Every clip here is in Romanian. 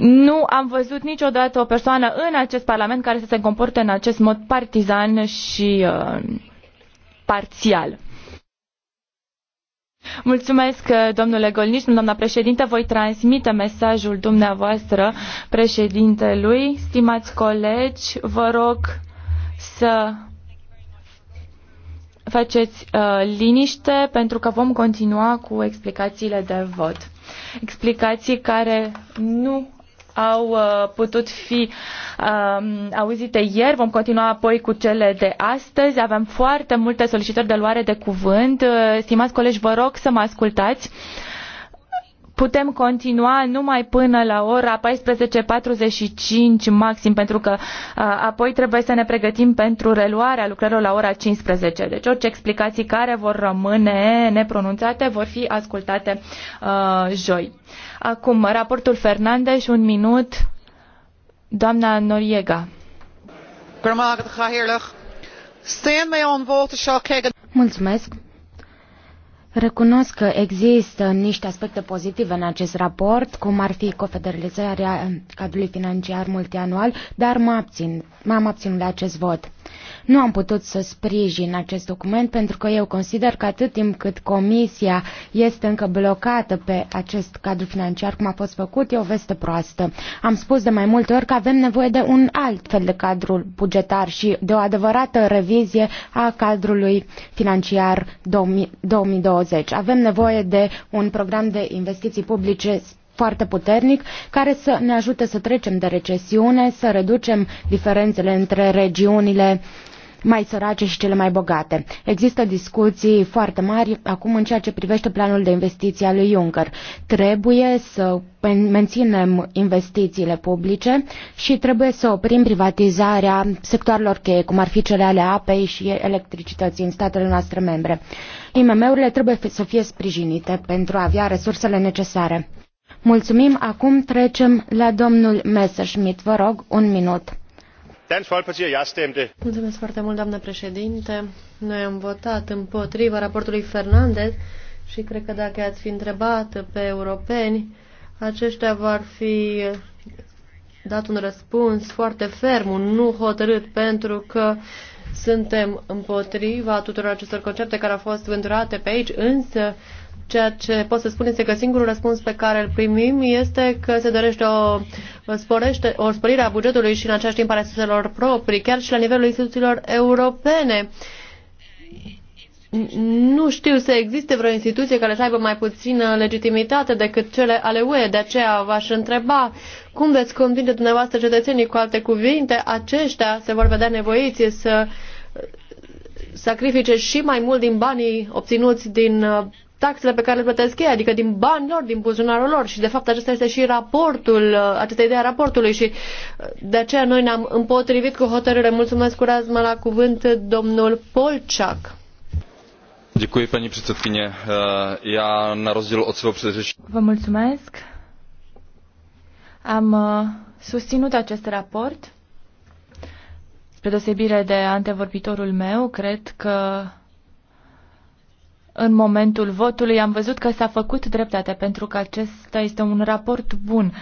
Nu am văzut niciodată o persoană în acest Parlament care să se comporte în acest mod partizan și uh, parțial. Mulțumesc, uh, domnule Golniș, doamna președinte. Voi transmite mesajul dumneavoastră președintelui. Stimați colegi, vă rog să faceți uh, liniște pentru că vom continua cu explicațiile de vot. Explicații care nu au uh, putut fi um, auzite ieri. Vom continua apoi cu cele de astăzi. Avem foarte multe solicitări de luare de cuvânt. Uh, stimați colegi, vă rog să mă ascultați. Uh, putem continua numai până la ora 14.45 maxim, pentru că apoi trebuie să ne pregătim pentru reluarea lucrărilor la ora 15. Deci orice explicații care vor rămâne nepronunțate vor fi ascultate uh, joi. Acum, raportul Fernandez, un minut. Doamna Noriega. Mulțumesc. Recunosc că există niște aspecte pozitive în acest raport, cum ar fi cofederalizarea cadrului financiar multianual, dar m-am abținut la acest vot. Nu am putut să sprijin acest document pentru că eu consider că atât timp cât Comisia este încă blocată pe acest cadru financiar, cum a fost făcut, e o veste proastă. Am spus de mai multe ori că avem nevoie de un alt fel de cadru bugetar și de o adevărată revizie a cadrului financiar 2020. Avem nevoie de un program de investiții publice foarte puternic care să ne ajute să trecem de recesiune, să reducem diferențele între regiunile mai sărace și cele mai bogate. Există discuții foarte mari acum în ceea ce privește planul de investiții al lui Juncker. Trebuie să menținem investițiile publice și trebuie să oprim privatizarea sectoarelor cheie, cum ar fi cele ale apei și electricității în statele noastre membre. IMM-urile trebuie să fie sprijinite pentru a avea resursele necesare. Mulțumim, acum trecem la domnul Messerschmidt. Vă rog, un minut. Mulțumesc foarte mult, doamnă președinte. Noi am votat împotriva raportului Fernandez și cred că dacă ați fi întrebat pe europeni, aceștia vor fi dat un răspuns foarte ferm, un nu hotărât, pentru că suntem împotriva tuturor acestor concepte care au fost vândurate pe aici, însă Ceea ce pot să spun este că singurul răspuns pe care îl primim este că se dorește o, sporește, o sporire a bugetului și în același timp a resurselor proprii, chiar și la nivelul instituțiilor europene. Nu știu să existe vreo instituție care să aibă mai puțină legitimitate decât cele ale UE, de aceea v-aș întreba cum veți convinge dumneavoastră cetățenii cu alte cuvinte, aceștia se vor vedea nevoiți să sacrifice și mai mult din banii obținuți din taxele pe care le plătesc ei, adică din bani lor, din buzunarul lor și de fapt acesta este și raportul, uh, această idee a raportului și uh, de aceea noi ne-am împotrivit cu hotărâre. Mulțumesc cu mă la cuvânt domnul Polciac. Děkuji, paní předsedkyně. Eh, já na rozdíl od svého předřečníka. Vă mulțumesc. Am eh, susținut acest raport. Spre deosebire de antevorbitorul meu, cred că în momentul votului. Am văzut că s-a făcut dreptate pentru că acesta este un raport bun.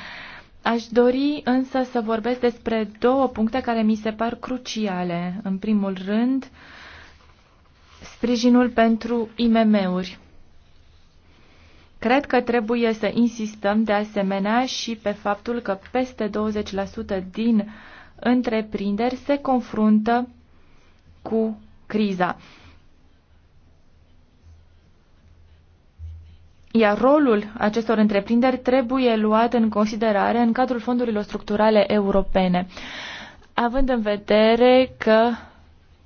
Aș dori însă să vorbesc despre două puncte care mi se par cruciale. În primul rând, sprijinul pentru IMM-uri. Cred că trebuie să insistăm de asemenea și pe faptul că peste 20% din întreprinderi se confruntă cu criza. iar rolul acestor întreprinderi trebuie luat în considerare în cadrul fondurilor structurale europene, având în vedere că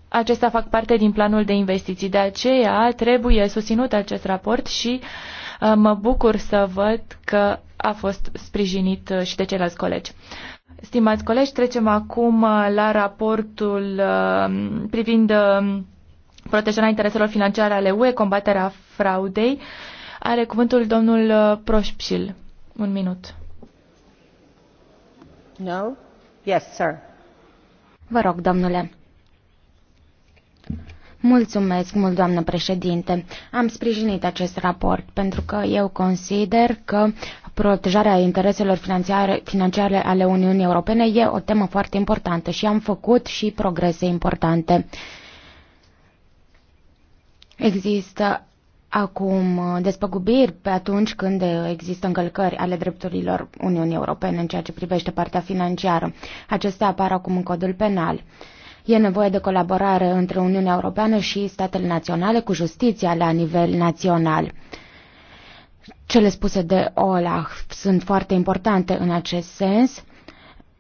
acestea fac parte din planul de investiții. De aceea trebuie susținut acest raport și uh, mă bucur să văd că a fost sprijinit uh, și de ceilalți colegi. Stimați colegi, trecem acum uh, la raportul privind protejarea intereselor financiare ale UE, combaterea fraudei. Are cuvântul domnul uh, Proșpșil. Un minut. No? Yes, sir. Vă rog, domnule. Mulțumesc mult, doamnă președinte. Am sprijinit acest raport pentru că eu consider că protejarea intereselor financiare, financiare ale Uniunii Europene e o temă foarte importantă și am făcut și progrese importante. Există acum uh, despăgubiri pe atunci când există încălcări ale drepturilor Uniunii Europene în ceea ce privește partea financiară. Acestea apar acum în codul penal. E nevoie de colaborare între Uniunea Europeană și statele naționale cu justiția la nivel național. Cele spuse de Olaf sunt foarte importante în acest sens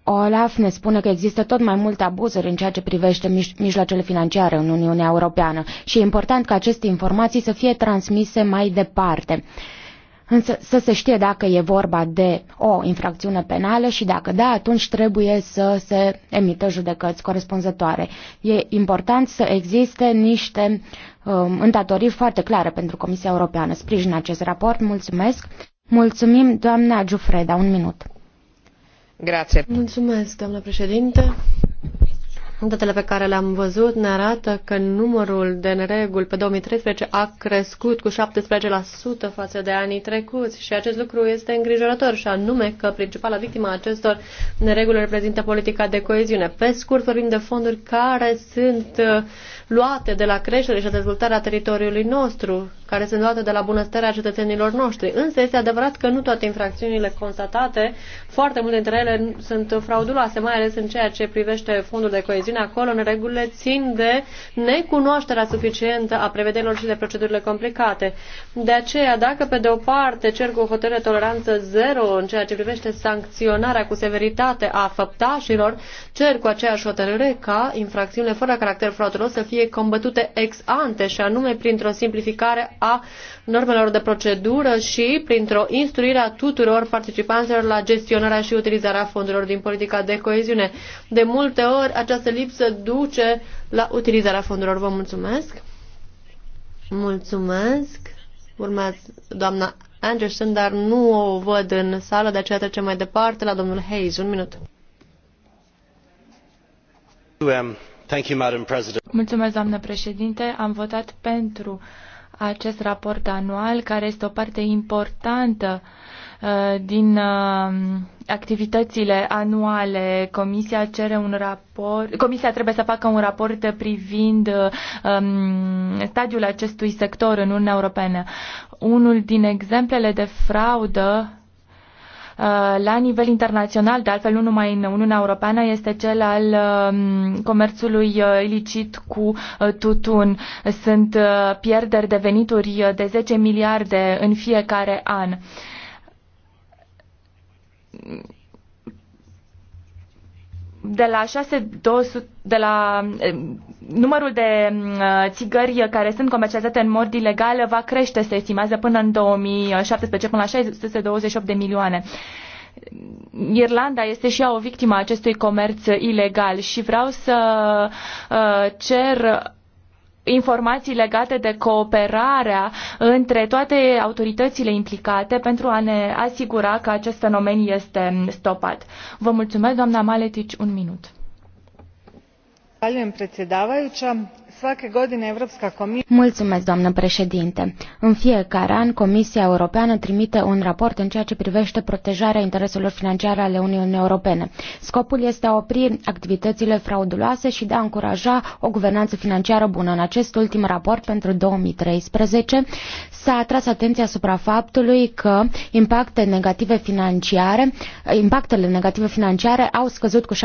Olaf ne spune că există tot mai multe abuzuri în ceea ce privește mijloacele financiare în Uniunea Europeană și e important ca aceste informații să fie transmise mai departe. Însă să se știe dacă e vorba de o infracțiune penală și dacă da, atunci trebuie să se emită judecăți corespunzătoare. E important să existe niște um, îndatoriri foarte clare pentru Comisia Europeană. Sprijin acest raport. Mulțumesc. Mulțumim, doamna Giufreda. Un minut doamnă președinte. Datele pe care le-am văzut ne arată că numărul de nereguli pe treisprezece a crescut cu șaptesprezece față de anii trecuți și acest lucru este îngrijorător și anume că principala victimă a acestor nereguli reprezintă politica de coeziune. Pe scurt vorbim de fonduri care sunt uh, luate de la creștere și dezvoltarea teritoriului nostru care sunt luate de la bunăstarea cetățenilor noștri. Însă este adevărat că nu toate infracțiunile constatate, foarte multe dintre ele sunt frauduloase, mai ales în ceea ce privește fondul de coeziune. Acolo, în regulile țin de necunoașterea suficientă a prevederilor și de procedurile complicate. De aceea, dacă pe de o parte cer cu hotărâre toleranță zero în ceea ce privește sancționarea cu severitate a făptașilor, cer cu aceeași hotărâre ca infracțiunile fără caracter fraudulos să fie combătute ex ante și anume printr-o simplificare a normelor de procedură și printr-o instruire a tuturor participanților la gestionarea și utilizarea fondurilor din politica de coeziune. De multe ori această lipsă duce la utilizarea fondurilor. Vă mulțumesc! Mulțumesc! Urmează doamna Anderson, dar nu o văd în sală, de aceea trecem mai departe la domnul Hayes. Un minut. Um, mulțumesc, doamnă președinte. Am votat pentru acest raport anual, care este o parte importantă uh, din uh, activitățile anuale. Comisia cere un raport. Comisia trebuie să facă un raport privind uh, um, stadiul acestui sector în Uniunea Europeană. Unul din exemplele de fraudă Uh, la nivel internațional, de altfel nu numai în Uniunea Europeană, este cel al um, comerțului uh, ilicit cu uh, tutun. Sunt pierderi de venituri de 10 miliarde în fiecare an de la 6200, de la eh, numărul de mm, țigări care sunt comercializate în mod ilegal va crește, se estimează, până în 2017, până la 628 de milioane. Irlanda este și ea o victimă a acestui comerț ilegal și vreau să eh, cer informații legate de cooperarea între toate autoritățile implicate pentru a ne asigura că acest fenomen este stopat. Vă mulțumesc, doamna Maletici, un minut. Mulțumesc, doamnă președinte. În fiecare an, Comisia Europeană trimite un raport în ceea ce privește protejarea intereselor financiare ale Uniunii Europene. Scopul este a opri activitățile frauduloase și de a încuraja o guvernanță financiară bună. În acest ultim raport pentru 2013 s-a atras atenția asupra faptului că impacte negative financiare, impactele negative financiare au scăzut cu 17%,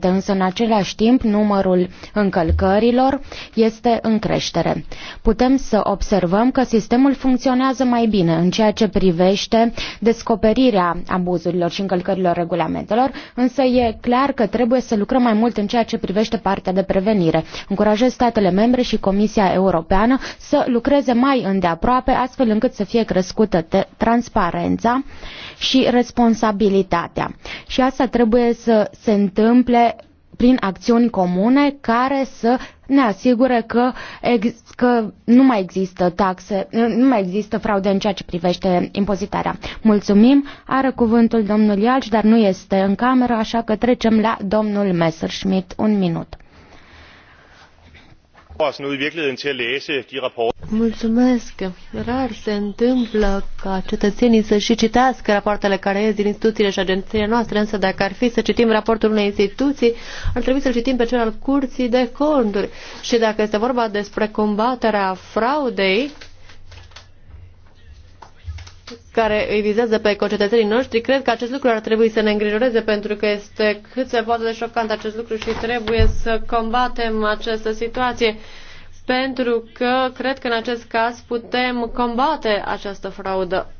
însă în același timp numărul încălcărilor este în creștere. Putem să observăm că sistemul funcționează mai bine în ceea ce privește descoperirea abuzurilor și încălcărilor regulamentelor, însă e clar că trebuie să lucrăm mai mult în ceea ce privește partea de prevenire. Încurajez statele membre și Comisia Europeană să lucreze mai îndeaproape, astfel încât să fie crescută transparența și responsabilitatea. Și asta trebuie să se întâmple prin acțiuni comune care să ne asigure că, ex, că nu mai există taxe, nu mai există fraude în ceea ce privește impozitarea. Mulțumim, are cuvântul domnul Ialci, dar nu este în cameră, așa că trecem la domnul Messerschmidt. Un minut. Mulțumesc. Rar se întâmplă ca cetățenii să și citească rapoartele care ies din instituțiile și agențiile noastre, însă dacă ar fi să citim raportul unei instituții, ar trebui să-l citim pe cel al curții de conturi. Și dacă este vorba despre combaterea fraudei, care îi vizează pe concetățenii noștri, cred că acest lucru ar trebui să ne îngrijoreze pentru că este cât se poate de șocant acest lucru și trebuie să combatem această situație pentru că cred că în acest caz putem combate această fraudă.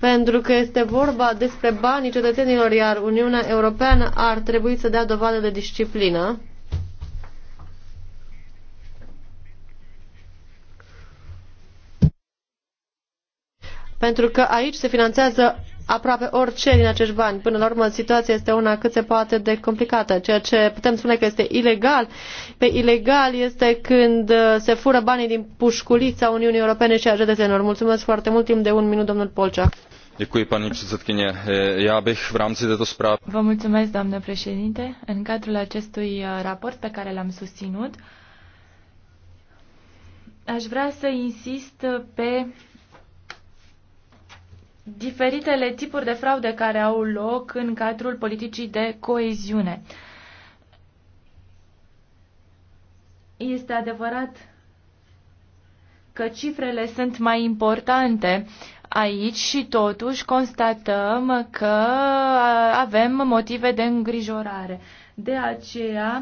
Pentru că este vorba despre banii cetățenilor, iar Uniunea Europeană ar trebui să dea dovadă de disciplină pentru că aici se finanțează aproape orice din acești bani. Până la urmă, situația este una cât se poate de complicată. Ceea ce putem spune că este ilegal, pe ilegal este când uh, se fură banii din pușculița Uniunii Europene și a jdețenilor. Mulțumesc foarte mult, timp de un minut, domnul Polcea. Děkuji, paní předsedkyně. Eh, já bych v rámci této zprávy... Vă mulțumesc, doamnă președinte. În cadrul acestui eh, raport pe care l-am susținut, aș vrea să insist pe diferitele tipuri de fraude care au loc în cadrul politicii de coeziune. Este adevărat că cifrele sunt mai importante aici și totuși constatăm că avem motive de îngrijorare. De aceea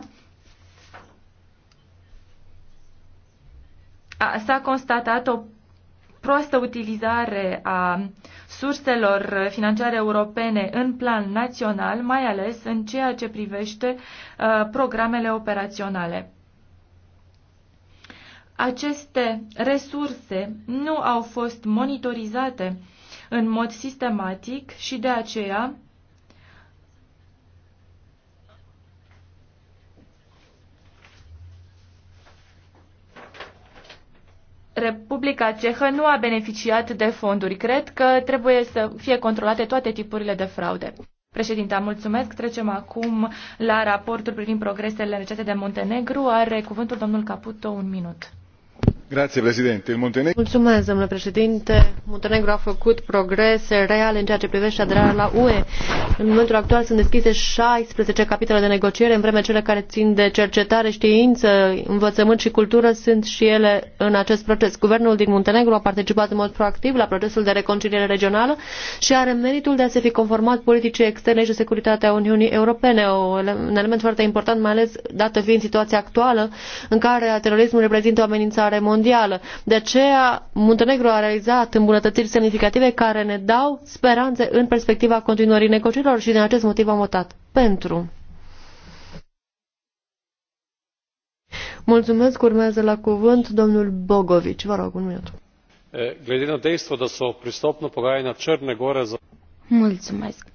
s-a constatat o proastă utilizare a surselor financiare europene în plan național, mai ales în ceea ce privește uh, programele operaționale. Aceste resurse nu au fost monitorizate în mod sistematic și de aceea Republica Cehă nu a beneficiat de fonduri. Cred că trebuie să fie controlate toate tipurile de fraude. Președinte, mulțumesc. Trecem acum la raportul privind progresele legate de Montenegru. Are cuvântul domnul Caputo un minut domnule președinte muntenegru a făcut progrese reale în ceea ce privește aderarea la ue. în momentul actual sunt deschise șaisprezece capitole de negociere în vreme ce cele care țin de cercetare știință învățământ și cultură sunt și ele în acest proces. guvernul din muntenegru a participat în mod proactiv la procesul de reconciliere regională și are meritul de a se fi conformat politicii externe și de securitate a uniunii europene un element foarte important mai ales dată fiind situația actuală în care terorismul reprezintă o amenințare mondială mondială. De aceea, Muntenegru a realizat îmbunătățiri semnificative care ne dau speranțe în perspectiva continuării negocierilor și din acest motiv am votat pentru. Mulțumesc, urmează la cuvânt domnul Bogovici. Vă rog, un minut. Glede na dejstvo, da so pristopno pogajanja Črne Gore za... Mulțumesc.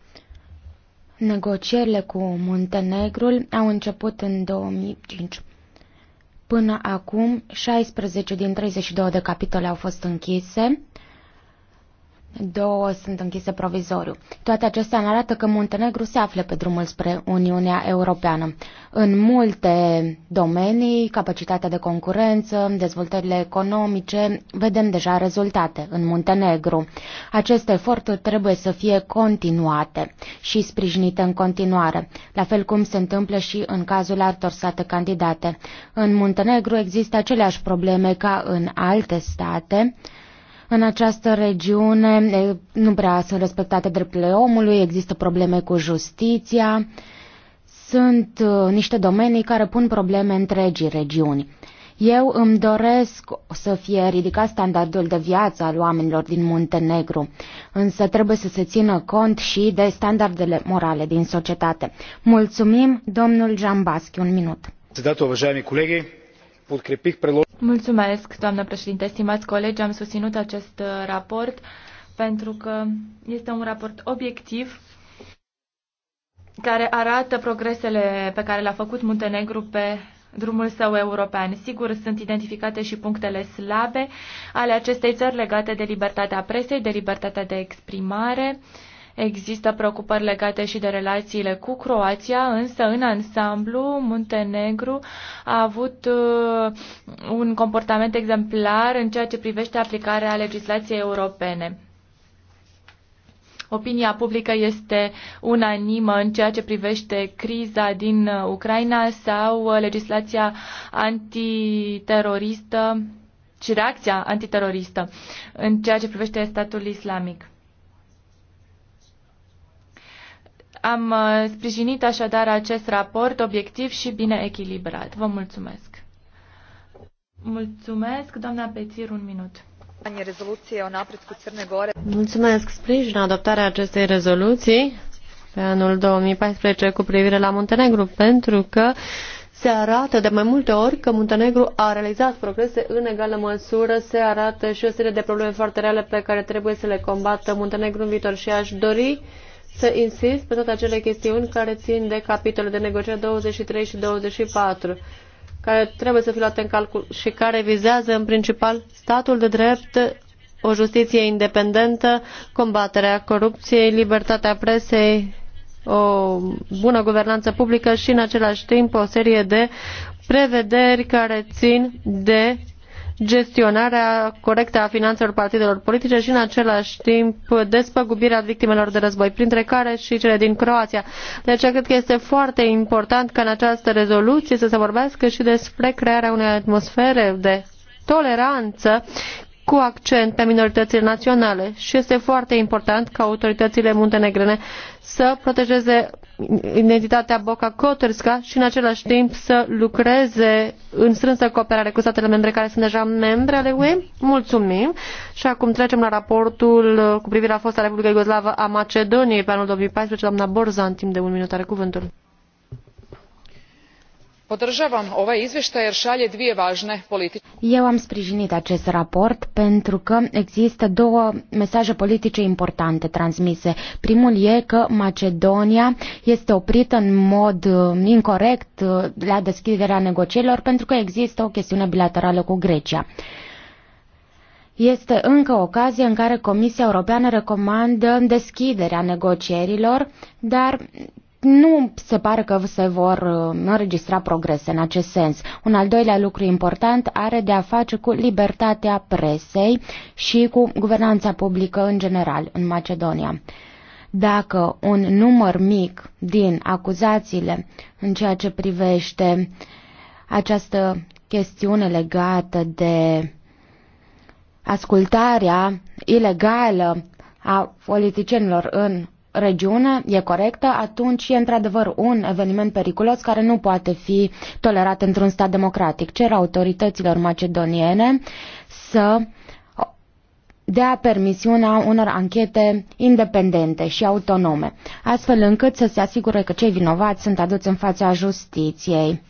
Negocierile cu Muntenegrul au început în 2005. Până acum, 16 din 32 de capitole au fost închise. Două sunt închise provizoriu. Toate acestea ne arată că Muntenegru se află pe drumul spre Uniunea Europeană. În multe domenii, capacitatea de concurență, dezvoltările economice, vedem deja rezultate în Muntenegru. Aceste eforturi trebuie să fie continuate și sprijinite în continuare, la fel cum se întâmplă și în cazul altor state candidate. În Muntenegru există aceleași probleme ca în alte state, în această regiune nu prea sunt respectate drepturile omului, există probleme cu justiția, sunt niște domenii care pun probleme întregii regiuni. Eu îmi doresc să fie ridicat standardul de viață al oamenilor din Muntenegru, însă trebuie să se țină cont și de standardele morale din societate. Mulțumim, domnul Jambaschi, un minut. Председател, Mulțumesc, doamnă președinte, stimați colegi, am susținut acest uh, raport pentru că este un raport obiectiv care arată progresele pe care le-a făcut Muntenegru pe drumul său european. Sigur, sunt identificate și punctele slabe ale acestei țări legate de libertatea presei, de libertatea de exprimare, uh, Există preocupări legate și de relațiile cu Croația, însă în ansamblu Muntenegru a avut uh, un comportament exemplar în ceea ce privește aplicarea legislației europene. Opinia publică este unanimă în ceea ce privește criza din uh, Ucraina sau uh, legislația antiteroristă și reacția antiteroristă în ceea ce privește statul islamic. Am uh, sprijinit așadar acest raport obiectiv și bine echilibrat. Vă mulțumesc. Mulțumesc, doamna Pețir, un minut. Mulțumesc. Sprijin adoptarea acestei rezoluții pe anul 2014 cu privire la Muntenegru, pentru că se arată de mai multe ori că Muntenegru a realizat progrese în egală măsură, se arată și o serie de probleme foarte reale pe care trebuie să le combată Muntenegru în viitor și aș dori să insist pe toate acele chestiuni care țin de capitolele de negociere 23 și 24, care trebuie să fie luate în calcul și care vizează în principal statul de drept, o justiție independentă, combaterea corupției, libertatea presei, o bună guvernanță publică și în același timp o serie de prevederi care țin de gestionarea corectă a finanțelor partidelor politice și în același timp despăgubirea victimelor de război, printre care și cele din Croația. De deci, aceea cred că este foarte important ca în această rezoluție să se vorbească și despre crearea unei atmosfere de toleranță cu accent pe minoritățile naționale și este foarte important ca autoritățile muntenegrene să protejeze identitatea Boca Kotorska și în același timp să lucreze în strânsă cooperare cu statele membre care sunt deja membre ale UE. Mulțumim! Și acum trecem la raportul cu privire la fosta Republica Iugoslavă a Macedoniei pe anul 2014. Doamna Borza, în timp de un minut, are cuvântul. Eu am sprijinit acest raport pentru că există două mesaje politice importante transmise. Primul e că Macedonia este oprită în mod uh, incorrect uh, la deschiderea negocierilor pentru că există o chestiune bilaterală cu Grecia. Este încă o ocazie în care Comisia Europeană recomandă deschiderea negocierilor, dar nu se pare că se vor uh, înregistra progrese în acest sens. Un al doilea lucru important are de a face cu libertatea presei și cu guvernanța publică în general în Macedonia. Dacă un număr mic din acuzațiile în ceea ce privește această chestiune legată de ascultarea ilegală a politicienilor în regiune e corectă, atunci e într-adevăr un eveniment periculos care nu poate fi tolerat într-un stat democratic. Cer autorităților macedoniene să dea permisiunea unor anchete independente și autonome, astfel încât să se asigure că cei vinovați sunt aduți în fața justiției.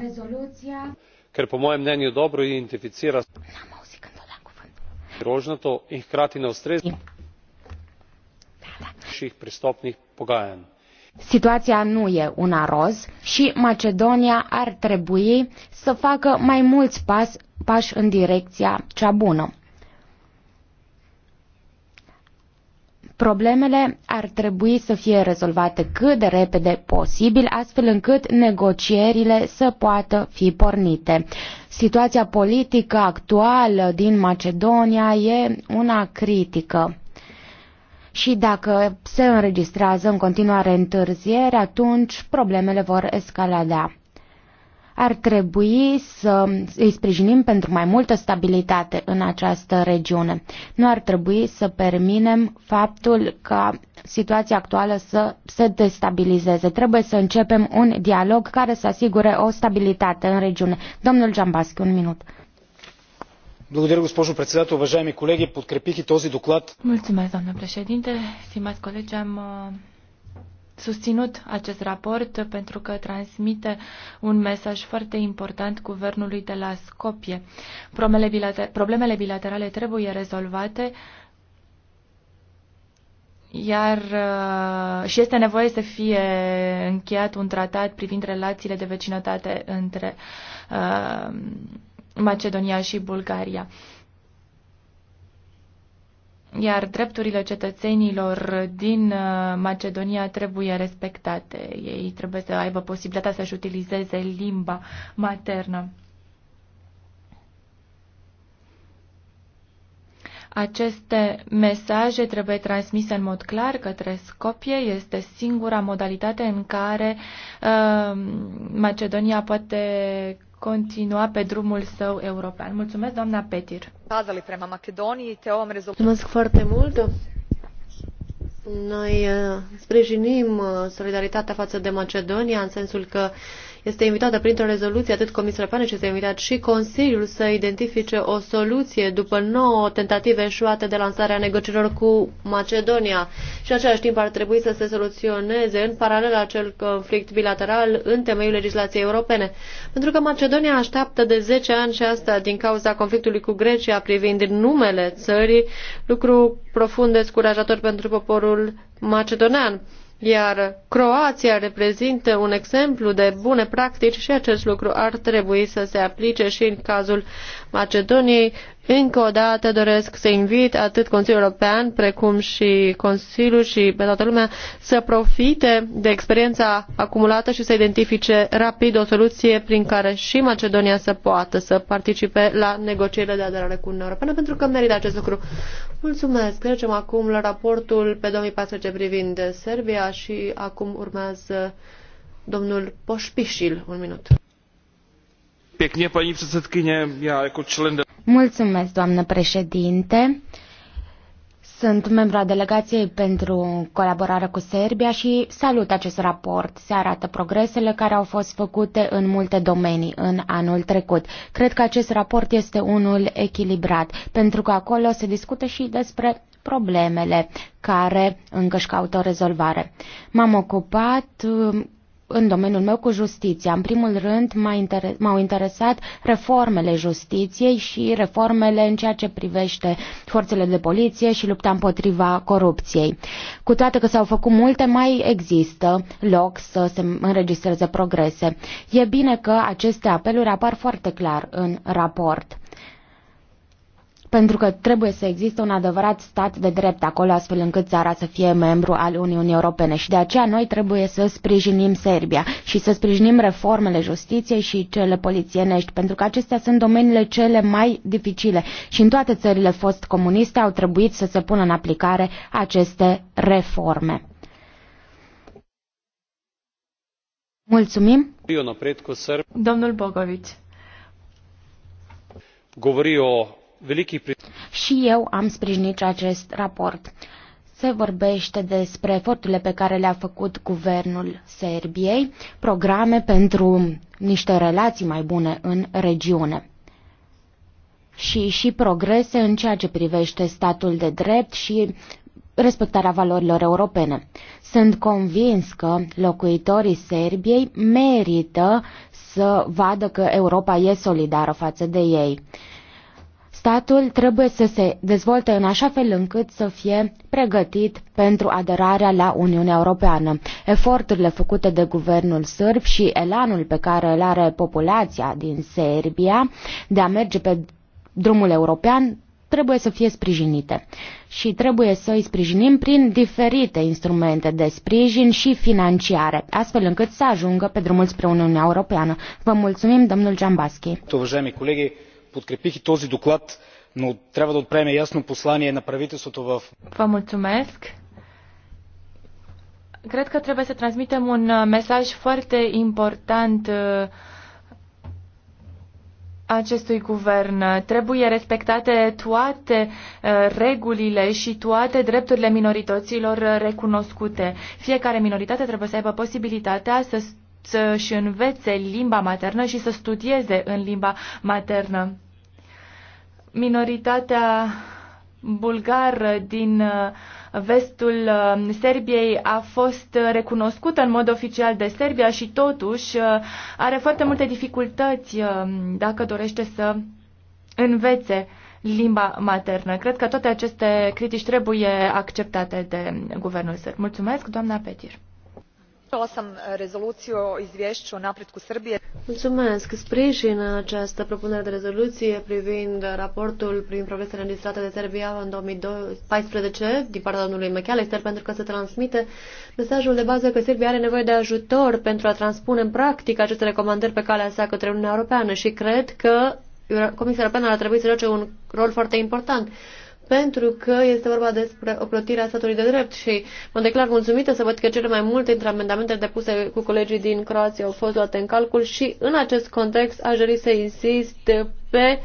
Rezoluția ker po mojem mnenju dobro identificira grožnjato in hkrati na pristopnih pogajanj. Situația nu e una roz și Macedonia ar trebui să facă mai mulți pas, pași în direcția cea bună. Problemele ar trebui să fie rezolvate cât de repede posibil, astfel încât negocierile să poată fi pornite. Situația politică actuală din Macedonia e una critică și dacă se înregistrează în continuare întârzieri, atunci problemele vor escalada. Ar trebui să îi sprijinim pentru mai multă stabilitate în această regiune. Nu ar trebui să permitem faptul ca situația actuală să se destabilizeze. Trebuie să începem un dialog care să asigure o stabilitate în regiune. Domnul Giambaschi, un minut госпожо председател уважаеми колеги подкрепих и този доклад. Mulțumesc, doamnă președinte, stimați colegi, am susținut acest raport pentru că transmite un mesaj foarte important guvernului de la Skopje. Problemele bilaterale trebuie rezolvate iar și este nevoie să fie încheiat un tratat privind relațiile de vecinătate între uh, Macedonia și Bulgaria. Iar drepturile cetățenilor din uh, Macedonia trebuie respectate. Ei trebuie să aibă posibilitatea să-și utilizeze limba maternă. Aceste mesaje trebuie transmise în mod clar către Scopie. Este singura modalitate în care uh, Macedonia poate continua pe drumul său european. Mulțumesc, doamna Petir. Mulțumesc foarte mult. Noi uh, sprijinim uh, solidaritatea față de Macedonia în sensul că este invitată printr-o rezoluție atât Comisia Europeană, ce este invitat și Consiliul să identifice o soluție după nouă tentative eșuate de lansarea negocierilor cu Macedonia. Și în același timp ar trebui să se soluționeze în paralel acel conflict bilateral în temeiul legislației europene. Pentru că Macedonia așteaptă de 10 ani și asta din cauza conflictului cu Grecia privind numele țării, lucru profund descurajator pentru poporul macedonean iar Croația reprezintă un exemplu de bune practici și acest lucru ar trebui să se aplice și în cazul Macedoniei, încă o dată doresc să invit atât Consiliul European precum și Consiliul și pe toată lumea să profite de experiența acumulată și să identifice rapid o soluție prin care și Macedonia să poată să participe la negocierile de aderare cu Uniunea Europeană pentru că merită acest lucru. Mulțumesc! Trecem acum la raportul pe 2014 privind Serbia și acum urmează domnul Poșpișil. Un minut. Pěkně, paní předsedkyně, já jako člen Mulțumesc, doamnă președinte. Sunt membru a delegației pentru colaborare cu Serbia și salut acest raport. Se arată progresele care au fost făcute în multe domenii în anul trecut. Cred că acest raport este unul echilibrat, pentru că acolo se discută și despre problemele care încă își caută o rezolvare. M-am ocupat în domeniul meu cu justiția. În primul rând m-au interesat reformele justiției și reformele în ceea ce privește forțele de poliție și lupta împotriva corupției. Cu toate că s-au făcut multe, mai există loc să se înregistreze progrese. E bine că aceste apeluri apar foarte clar în raport pentru că trebuie să existe un adevărat stat de drept acolo, astfel încât țara să fie membru al Uniunii Europene. Și de aceea noi trebuie să sprijinim Serbia și să sprijinim reformele justiției și cele polițienești, pentru că acestea sunt domeniile cele mai dificile. Și în toate țările fost comuniste au trebuit să se pună în aplicare aceste reforme. Mulțumim! Domnul Bogovici. Și eu am sprijinit acest raport. Se vorbește despre eforturile pe care le-a făcut guvernul Serbiei, programe pentru niște relații mai bune în regiune și și progrese în ceea ce privește statul de drept și respectarea valorilor europene. Sunt convins că locuitorii Serbiei merită să vadă că Europa e solidară față de ei. Statul trebuie să se dezvolte în așa fel încât să fie pregătit pentru aderarea la Uniunea Europeană. Eforturile făcute de guvernul sârb și elanul pe care îl are populația din Serbia de a merge pe drumul european trebuie să fie sprijinite și trebuie să îi sprijinim prin diferite instrumente de sprijin și financiare, astfel încât să ajungă pe drumul spre Uniunea Europeană. Vă mulțumim, domnul Giambaschi подкрепих и този доклад, но трябва да отправим ясно послание на правителството в... Vă mulțumesc! Cred că trebuie să transmitem un uh, mesaj foarte important uh, acestui guvern. Trebuie respectate toate uh, regulile și toate drepturile minorităților recunoscute. Fiecare minoritate trebuie să aibă posibilitatea să să-și învețe limba maternă și să studieze în limba maternă. Minoritatea bulgară din uh, vestul uh, Serbiei a fost uh, recunoscută în mod oficial de Serbia și totuși are foarte multe dificultăți dacă dorește să învețe limba maternă. Cred că toate aceste critici trebuie acceptate de guvernul sârb. Mulțumesc, doamna Petir. Mulțumesc. rezoluțiu o izvješću o napretku Srbije. Mulțumesc. Sprijin această propunere de rezoluție privind raportul prin progresele înregistrate de Serbia în 2014 din partea domnului McAllister pentru că se transmite mesajul de bază că Serbia are nevoie de ajutor pentru a transpune în practică aceste recomandări pe calea sa către Uniunea Europeană și cred că Comisia Europeană ar trebui să joace un rol foarte important pentru că este vorba despre a statului de drept și mă declar mulțumită să văd că cele mai multe dintre amendamentele depuse cu colegii din Croația au fost luate în calcul și în acest context aș dori să insist pe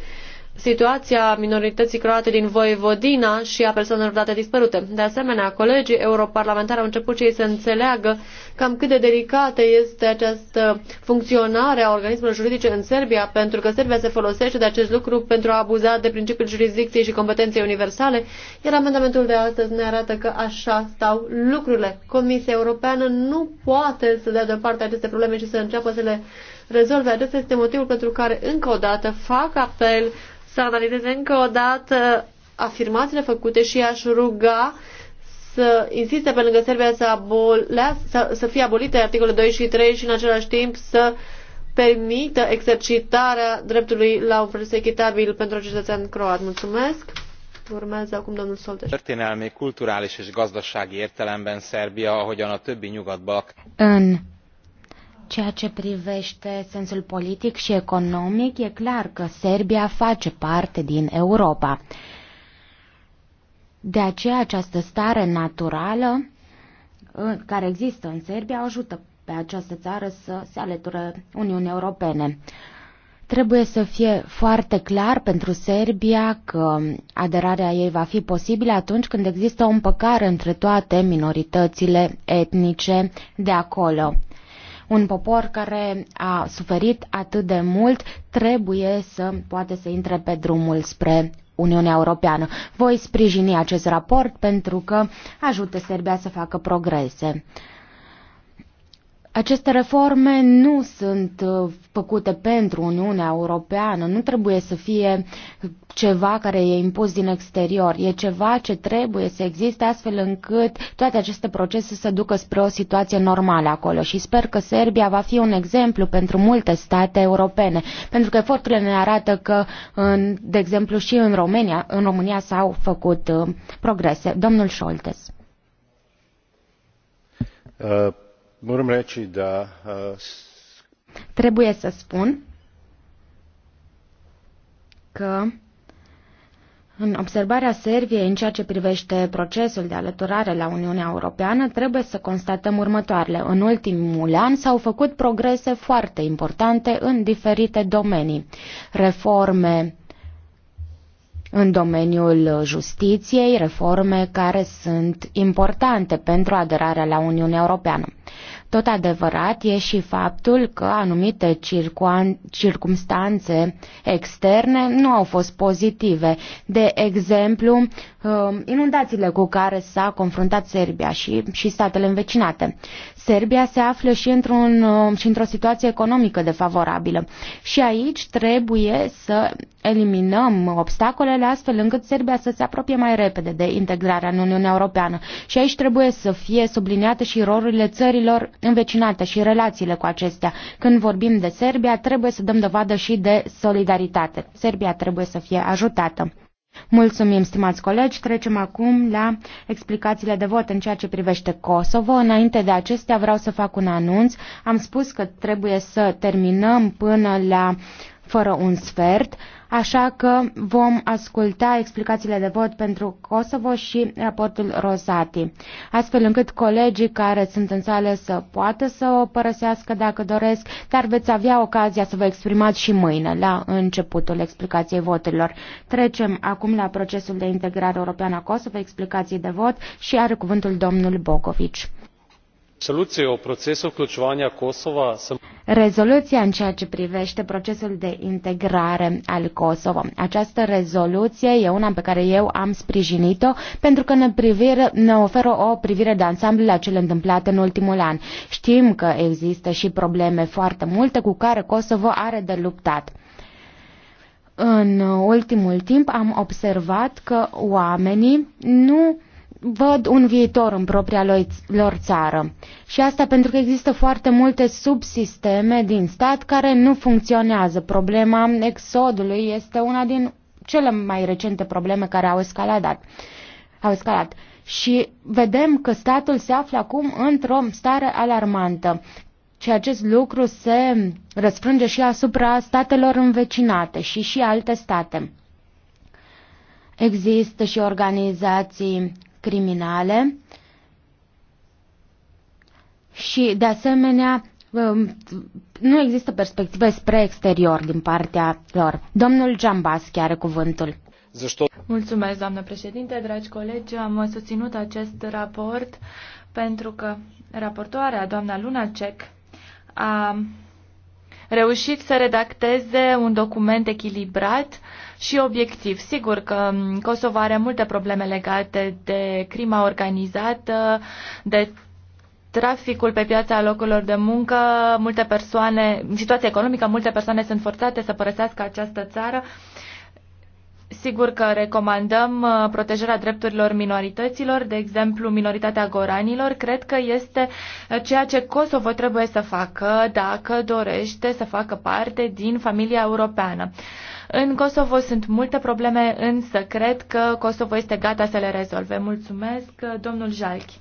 situația minorității croate din Voivodina și a persoanelor date dispărute. De asemenea, colegii europarlamentari au început și ei să înțeleagă cam cât de delicată este această funcționare a organismelor juridice în Serbia, pentru că Serbia se folosește de acest lucru pentru a abuza de principiul jurisdicției și competenței universale, iar amendamentul de astăzi ne arată că așa stau lucrurile. Comisia Europeană nu poate să dea deoparte aceste probleme și să înceapă să le rezolve. Acesta este motivul pentru care, încă o dată, fac apel să analizeze încă o dată afirmațiile făcute și aș ruga să insiste pe lângă Serbia să, abolea, să, să fie abolite articolele 2 și 3 și în același timp să permită exercitarea dreptului la un preț echitabil pentru cetățean croat. Mulțumesc! Urmează acum domnul Soltes. Történelmi, kulturális és gazdasági értelemben Szerbia, ahogyan a többi nyugat În ceea ce privește sensul politic și economic, e clar că Serbia face parte din Europa. De aceea această stare naturală care există în Serbia ajută pe această țară să se alăture Uniunii Europene. Trebuie să fie foarte clar pentru Serbia că aderarea ei va fi posibilă atunci când există o împăcare între toate minoritățile etnice de acolo. Un popor care a suferit atât de mult trebuie să poate să intre pe drumul spre Uniunea Europeană. Voi sprijini acest raport pentru că ajută Serbia să facă progrese. Aceste reforme nu sunt uh, făcute pentru Uniunea Europeană, nu trebuie să fie ceva care e impus din exterior, e ceva ce trebuie să existe astfel încât toate aceste procese să ducă spre o situație normală acolo și sper că Serbia va fi un exemplu pentru multe state europene, pentru că eforturile ne arată că, în, de exemplu, și în România, în România s-au făcut uh, progrese. Domnul Scholtes. Uh Moram reći da... Uh, trebuie să spun că în observarea Serbiei în ceea ce privește procesul de alăturare la Uniunea Europeană, trebuie să constatăm următoarele. În ultimul an s-au făcut progrese foarte importante în diferite domenii. Reforme în domeniul justiției, reforme care sunt importante pentru aderarea la Uniunea Europeană. Tot adevărat e și faptul că anumite circumstanțe externe nu au fost pozitive. De exemplu, um, inundațiile cu care s-a confruntat Serbia și, și statele învecinate. Serbia se află și, într-un, um, și într-o situație economică defavorabilă. Și aici trebuie să eliminăm obstacolele astfel încât Serbia să se apropie mai repede de integrarea în Uniunea Europeană. Și aici trebuie să fie subliniate și rolurile țărilor învecinată și relațiile cu acestea. Când vorbim de Serbia, trebuie să dăm dovadă și de solidaritate. Serbia trebuie să fie ajutată. Mulțumim, stimați colegi. Trecem acum la explicațiile de vot în ceea ce privește Kosovo. Înainte de acestea vreau să fac un anunț. Am spus că trebuie să terminăm până la fără un sfert. Așa că vom asculta explicațiile de vot pentru Kosovo și raportul Rosati, astfel încât colegii care sunt în sală să poată să o părăsească dacă doresc, dar veți avea ocazia să vă exprimați și mâine, la începutul explicației voturilor. Trecem acum la procesul de integrare europeană a Kosovo, explicații de vot și are cuvântul domnul Bocovici. Rezoluția în ceea ce privește procesul de integrare al Kosovo. Această rezoluție e una pe care eu am sprijinit-o pentru că ne, privire, ne oferă o privire de ansamblu la cele întâmplate în ultimul an. Știm că există și probleme foarte multe cu care Kosovo are de luptat. În ultimul timp am observat că oamenii nu văd un viitor în propria lor țară. Și asta pentru că există foarte multe subsisteme din stat care nu funcționează. Problema exodului este una din cele mai recente probleme care au escaladat. Au escalat. Și vedem că statul se află acum într-o stare alarmantă. Și acest lucru se răsfrânge și asupra statelor învecinate și și alte state. Există și organizații criminale și, de asemenea, um, nu există perspective spre exterior din partea lor. Domnul Giambaschi are cuvântul. Mulțumesc, doamnă președinte, dragi colegi, am susținut acest raport pentru că raportoarea, doamna Lunacek, a reușit să redacteze un document echilibrat și obiectiv. Sigur că Kosovo are multe probleme legate de crima organizată, de traficul pe piața locurilor de muncă, multe persoane, situația economică, multe persoane sunt forțate să părăsească această țară Sigur că recomandăm uh, protejarea drepturilor minorităților, de exemplu minoritatea goranilor. Cred că este uh, ceea ce Kosovo trebuie să facă dacă dorește să facă parte din familia europeană. În Kosovo sunt multe probleme, însă cred că Kosovo este gata să le rezolve. Mulțumesc, uh, domnul Jalchi.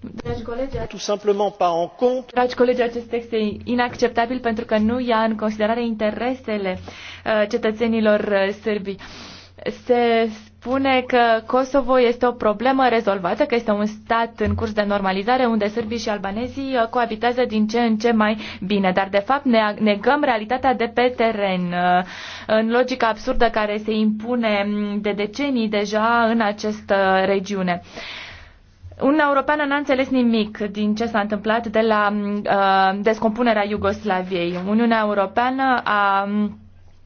Dragi colegi, tout simplement pas en compte. Dragi colegi, acest text este inacceptabil pentru că nu ia în considerare interesele uh, cetățenilor uh, sârbi. Se spune că Kosovo este o problemă rezolvată, că este un stat în curs de normalizare unde sârbii și albanezii uh, coabitează din ce în ce mai bine. Dar, de fapt, ne negăm realitatea de pe teren. În logica absurdă care se impune mm, de decenii deja în această regiune. Uniunea Europeană n-a înțeles nimic din ce s-a întâmplat de la uh, descompunerea Iugoslaviei. Uniunea Europeană a um,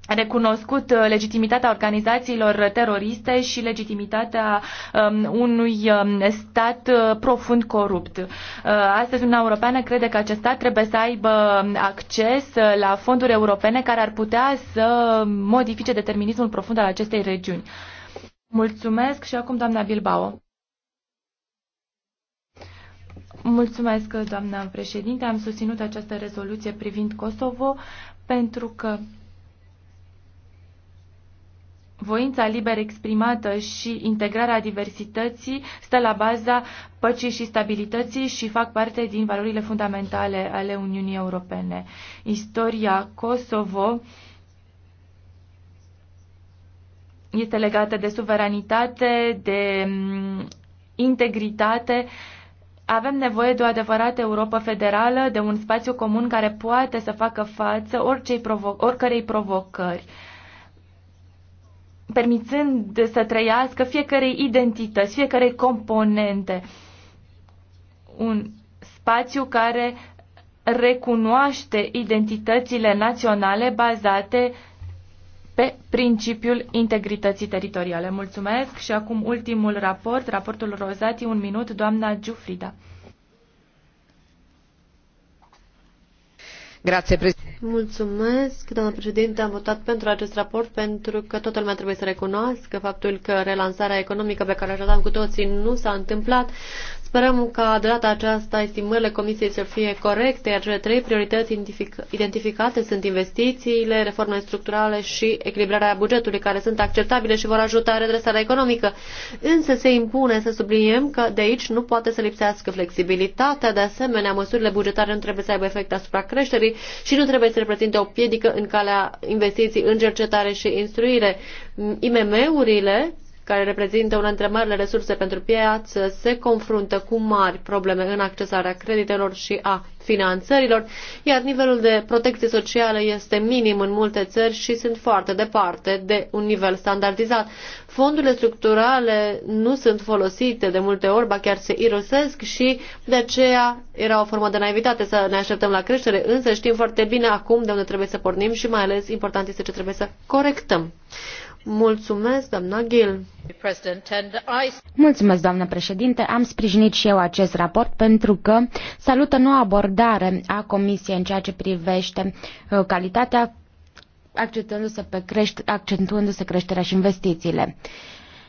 recunoscut uh, legitimitatea organizațiilor teroriste și legitimitatea um, unui um, stat uh, profund corupt. Uh, astăzi Uniunea Europeană crede că acest stat trebuie să aibă um, acces uh, la fonduri europene care ar putea să modifice determinismul profund al acestei regiuni. Mulțumesc și acum doamna Bilbao. Mulțumesc, doamna președinte. Am susținut această rezoluție privind Kosovo pentru că voința liber exprimată și integrarea diversității stă la baza păcii și stabilității și fac parte din valorile fundamentale ale Uniunii Europene. Istoria Kosovo este legată de suveranitate, de mm, integritate, avem nevoie de o adevărată Europa federală, de un spațiu comun care poate să facă față oricei provo- oricărei provocări, permițând să trăiască fiecarei identități, fiecarei componente. Un spațiu care recunoaște identitățile naționale bazate pe principiul integrității teritoriale. Mulțumesc și acum ultimul raport, raportul Rozati, un minut, doamna Giufrida. Grazie, Mulțumesc, doamna președinte. Am votat pentru acest raport pentru că toată lumea trebuie să recunoască faptul că relansarea economică pe care o așteptam cu toții nu s-a întâmplat. Sperăm ca de data aceasta estimările Comisiei să fie corecte, iar cele trei priorități identificate sunt investițiile, reformele structurale și echilibrarea bugetului, care sunt acceptabile și vor ajuta redresarea economică. Însă se impune să subliniem că de aici nu poate să lipsească flexibilitatea, de asemenea măsurile bugetare nu trebuie să aibă efect asupra creșterii și nu trebuie să reprezinte o piedică în calea investiții în cercetare și instruire. IMM-urile care reprezintă una dintre marile resurse pentru piață, se confruntă cu mari probleme în accesarea creditelor și a finanțărilor, iar nivelul de protecție socială este minim în multe țări și sunt foarte departe de un nivel standardizat. Fondurile structurale nu sunt folosite de multe ori, ba chiar se irosesc și de aceea era o formă de naivitate să ne așteptăm la creștere, însă știm foarte bine acum de unde trebuie să pornim și mai ales important este ce trebuie să corectăm. Mulțumesc, doamna Gil. Mulțumesc, doamnă președinte. Am sprijinit și eu acest raport pentru că salută noua abordare a Comisiei în ceea ce privește uh, calitatea, accentuându-se, pe crește, accentuându-se creșterea și investițiile.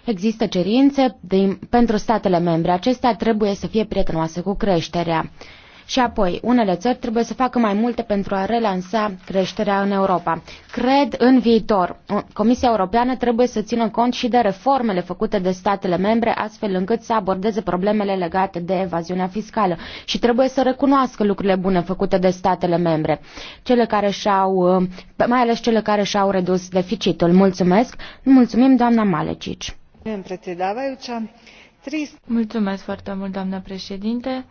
Există cerințe de, pentru statele membre. Acestea trebuie să fie prietenoase cu creșterea. Și apoi, unele țări trebuie să facă mai multe pentru a relansa creșterea în Europa. Cred în viitor. Comisia Europeană trebuie să țină cont și de reformele făcute de statele membre, astfel încât să abordeze problemele legate de evaziunea fiscală. Și trebuie să recunoască lucrurile bune făcute de statele membre, cele care și-au, ă, mai ales cele care și-au redus deficitul. Mulțumesc. Mulțumim, doamna Malecici. Mulțumesc foarte mult, doamnă președinte.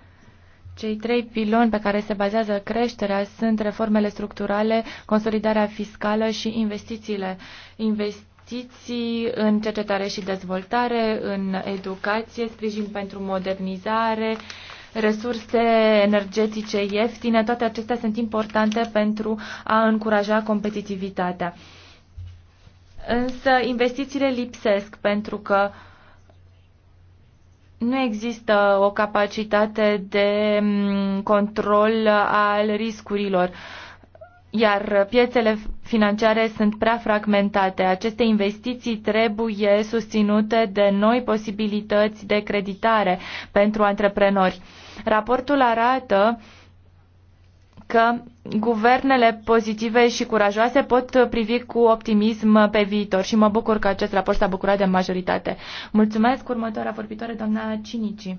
Cei trei piloni pe care se bazează creșterea sunt reformele structurale, consolidarea fiscală și investițiile. Investiții în cercetare și dezvoltare, în educație, sprijin pentru modernizare, resurse energetice ieftine, toate acestea sunt importante pentru a încuraja competitivitatea. Însă investițiile lipsesc pentru că uh, nu există o capacitate de mm, control al riscurilor, iar piețele financiare sunt prea fragmentate. Aceste investiții trebuie susținute de noi posibilități de creditare pentru antreprenori. Raportul arată uh, că guvernele pozitive și curajoase pot privi cu optimism pe viitor și mă bucur că acest raport s-a bucurat de majoritate. Mulțumesc, următoarea vorbitoare, doamna Cinici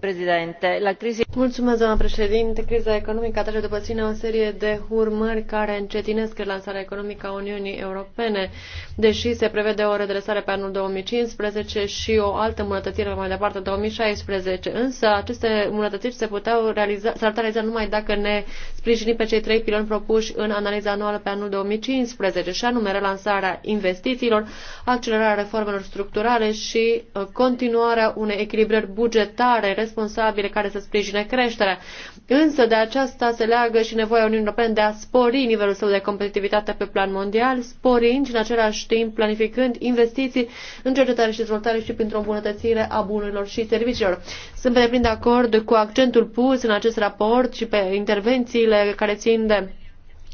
doamnă președinte criza economică atrage după sine o serie de urmări care încetinesc relansarea economică a uniunii europene deși se prevede o redresare pe anul două mii cincisprezece și o altă îmbunătățire mai departe două mii șaisprezece însă aceste îmbunătățiri se puteau s-ar putea realiza numai dacă ne sprijinim pe cei trei piloni propuși în analiza anuală pe anul două mii cincisprezece și anume relansarea investițiilor accelerarea reformelor structurale și uh, continuarea unei echilibrări bugetare responsabile care să sprijine creșterea. Însă de aceasta se leagă și nevoia Uniunii Europene de a spori nivelul său de competitivitate pe plan mondial, sporind și în același timp planificând investiții în cercetare și dezvoltare și printr-o îmbunătățire a bunurilor și serviciilor. Sunt pe deplin de acord cu accentul pus în acest raport și pe intervențiile care țin de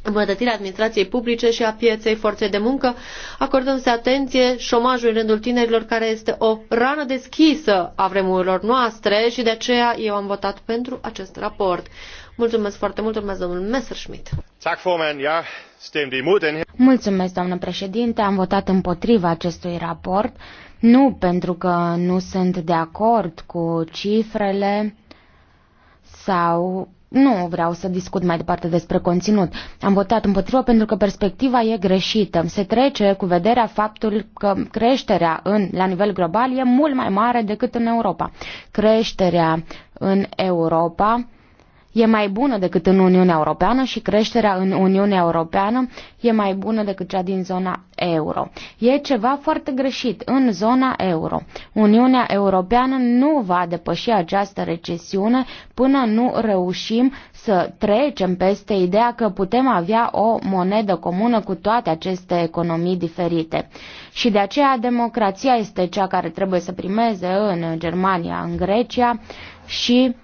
îmbunătățirea administrației publice și a pieței forței de muncă, acordându-se atenție șomajului în rândul tinerilor, care este o rană deschisă a vremurilor noastre și de aceea eu am votat pentru acest raport. Mulțumesc foarte mult, urmează domnul Messerschmidt. Mulțumesc, doamnă președinte, am votat împotriva acestui raport, nu pentru că nu sunt de acord cu cifrele sau nu vreau să discut mai departe despre conținut. Am votat împotriva pentru că perspectiva e greșită. Se trece cu vederea faptul că creșterea în, la nivel global e mult mai mare decât în Europa. Creșterea în Europa e mai bună decât în Uniunea Europeană și creșterea în Uniunea Europeană e mai bună decât cea din zona euro. E ceva foarte greșit în zona euro. Uniunea Europeană nu va depăși această recesiune până nu reușim să trecem peste ideea că putem avea o monedă comună cu toate aceste economii diferite. Și de aceea democrația este cea care trebuie să primeze în Germania, în Grecia și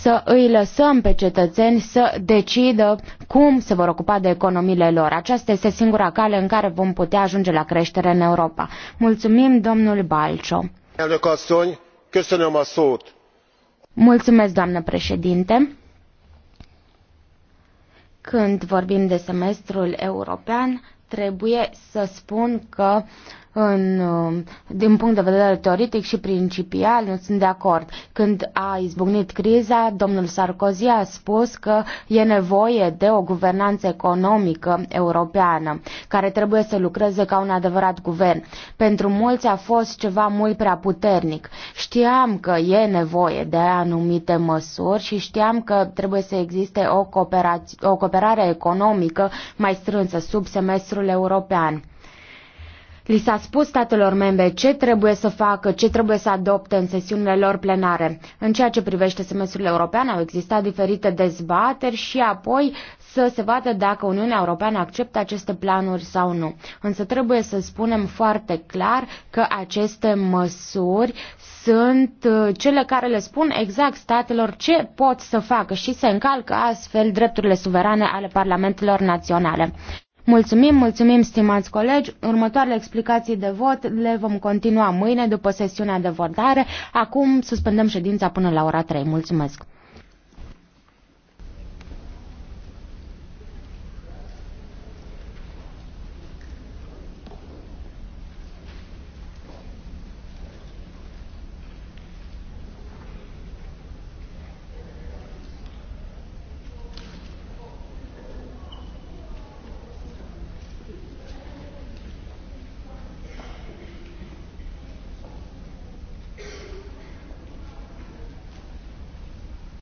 să îi lăsăm pe cetățeni să decidă cum se vor ocupa de economiile lor. Aceasta este singura cale în care vom putea ajunge la creștere în Europa. Mulțumim, domnul Balcio. Mulțumesc, doamnă președinte. Când vorbim de semestrul european, trebuie să spun că uh, în, uh, din punct de vedere teoretic și principial, nu sunt de acord. Când a izbucnit criza, domnul Sarkozy a spus că e nevoie de o guvernanță economică europeană, care trebuie să lucreze ca un adevărat guvern. Pentru mulți a fost ceva mult prea puternic. Știam că e nevoie de anumite măsuri și știam că trebuie să existe o, o cooperare economică mai strânsă sub semestrul european Li s-a spus statelor membre ce trebuie să facă, ce trebuie să adopte în sesiunile lor plenare. În ceea ce privește semestrul european au existat diferite dezbateri și apoi să se vadă dacă Uniunea Europeană acceptă aceste planuri sau nu. Însă trebuie să spunem foarte clar că aceste măsuri sunt uh, cele care le spun exact statelor ce pot să facă și se încalcă astfel drepturile suverane ale parlamentelor naționale. Mulțumim, mulțumim, stimați colegi. Următoarele explicații de vot le vom continua mâine după sesiunea de votare. Acum suspendăm ședința până la ora 3. Mulțumesc!